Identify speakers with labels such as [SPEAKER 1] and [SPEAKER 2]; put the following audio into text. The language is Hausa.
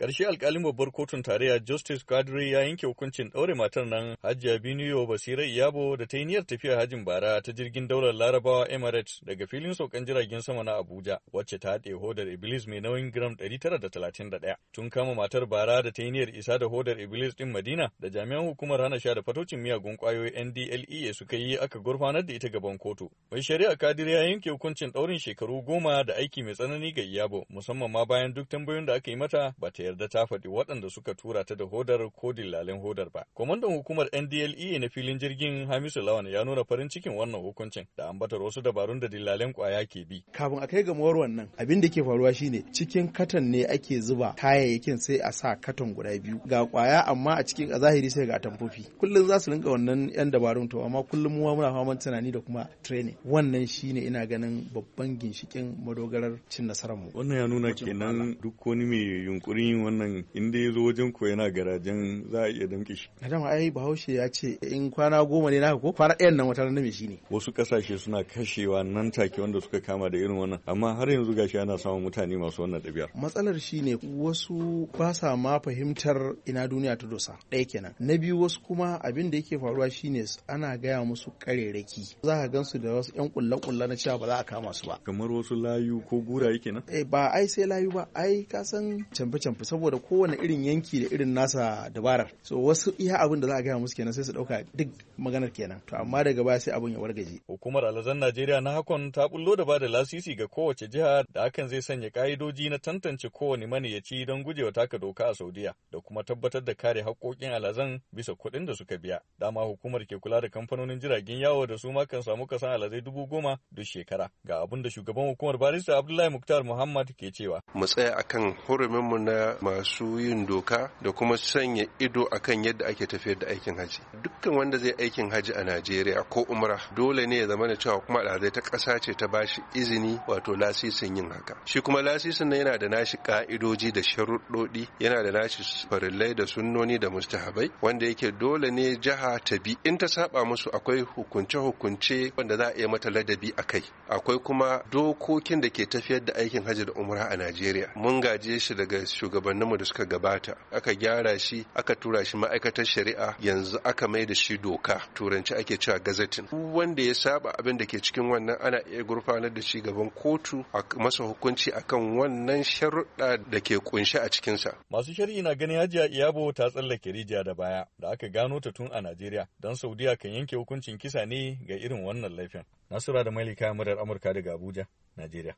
[SPEAKER 1] karshe alkalin babbar kotun tarayya Justice Kadri ya yanke hukuncin ɗaure matar nan Hajiya Biniyo basirai Iyabo da ta yi niyyar tafiya hajin bara ta jirgin daular Larabawa Emirates daga filin saukan jiragen sama na Abuja wacce ta haɗe hodar Iblis mai nauyin gram 931. Tun kama matar bara da ta yi niyyar isa da hodar Iblis ɗin Madina da jami'an hukumar hana sha da fatocin miyagun ƙwayoyi NDLEA suka yi aka gurfanar da ita gaban kotu. Mai shari'a Kadri ya yanke hukuncin ɗaurin shekaru goma da aiki mai tsanani ga Iyabo musamman ma bayan duk tambayoyin da aka yi mata ba ta yarda ta faɗi waɗanda suka tura ta da hodar ko dillalin hodar ba. Kwamandan hukumar NDLE na filin jirgin Hamisu Lawan ya nuna farin cikin wannan hukuncin da ambatar wasu dabarun da dillalin kwaya ke bi.
[SPEAKER 2] Kafin a kai ga wannan abin da ke faruwa shine cikin katon ne ake zuba kayayyakin sai a sa katon guda biyu ga kwaya amma a cikin a zahiri sai ga tamfofi. Kullum za su rinka wannan yan dabarun to amma kullum mu muna faman tunani da kuma training. Wannan shine ina ganin babban ginshikin madogarar cin nasarar mu.
[SPEAKER 1] Wannan ya nuna kenan duk wani mai yunkurin wannan inda ya zo wajen ku yana garajen za a iya damƙe shi
[SPEAKER 2] a dama ai bahaushe ya ce
[SPEAKER 1] in kwana goma ne naka ko kwana ɗayan nan wata na shi ne wasu ƙasashe suna kashewa nan take wanda suka kama da irin wannan amma har yanzu gashi ana samun mutane masu wannan ɗabi'ar
[SPEAKER 2] matsalar shi ne wasu ba sa ma fahimtar ina duniya ta dosa ɗaya kenan na biyu wasu kuma abin da yake faruwa shine ana gaya musu ƙarerraki za ka su da wasu 'yan kulle-kulle na cewa ba za a kama su ba kamar wasu layu ko gura yake eh ba ai sai layu ba ai ka san tafi saboda kowane irin yanki da irin nasa dabarar so wasu iya abin da za a gaya musu kenan sai su dauka duk maganar kenan to amma daga baya sai abin ya wargaje
[SPEAKER 1] hukumar alazan najeriya na hakon ta bullo da bada lasisi ga kowace jiha da hakan zai sanya ka'idoji na tantance kowane maniyaci don gujewa taka doka a saudiya da kuma tabbatar da kare haƙƙoƙin alazan bisa kuɗin da suka biya dama hukumar ke kula da kamfanonin jiragen yawo da su ma kan samu kasan alazai dubu goma duk shekara ga abin da shugaban hukumar barista abdullahi muktar muhammad ke cewa
[SPEAKER 3] mu tsaya akan hurumin mu na masu yin doka da kuma sanya ido akan yadda ake tafiyar da aikin haji
[SPEAKER 1] dukkan wanda zai
[SPEAKER 3] aikin haji a najeriya ko umra dole ne ya zama da cewa kuma alhazai ta ƙasa ce ta bashi izini wato lasisin yin haka shi kuma lasisin nan yana da nashi ka'idoji da sharuɗoɗi yana da nashi farillai da sunnoni da mustahabai wanda yake dole ne jiha ta bi in ta saba musu akwai hukunce-hukunce wanda za a iya mata ladabi a kai akwai kuma dokokin da ke tafiyar da aikin haji da umra a najeriya mun gaje shi daga shugaban shugabanninmu da suka gabata aka gyara shi aka tura shi ma'aikatar shari'a yanzu aka mai da shi doka turanci ake cewa gazetin wanda ya saba abin da ke cikin wannan ana iya gurfanar da shi gaban kotu a masa hukunci akan wannan sharuɗa da ke kunshi a cikinsa
[SPEAKER 1] masu shari'i na ganin hajiya iyabo ta tsallake rijiya da baya da aka gano ta tun a najeriya don saudiya kan yanke hukuncin kisa ne ga irin wannan laifin nasura da mailika murar amurka daga abuja najeriya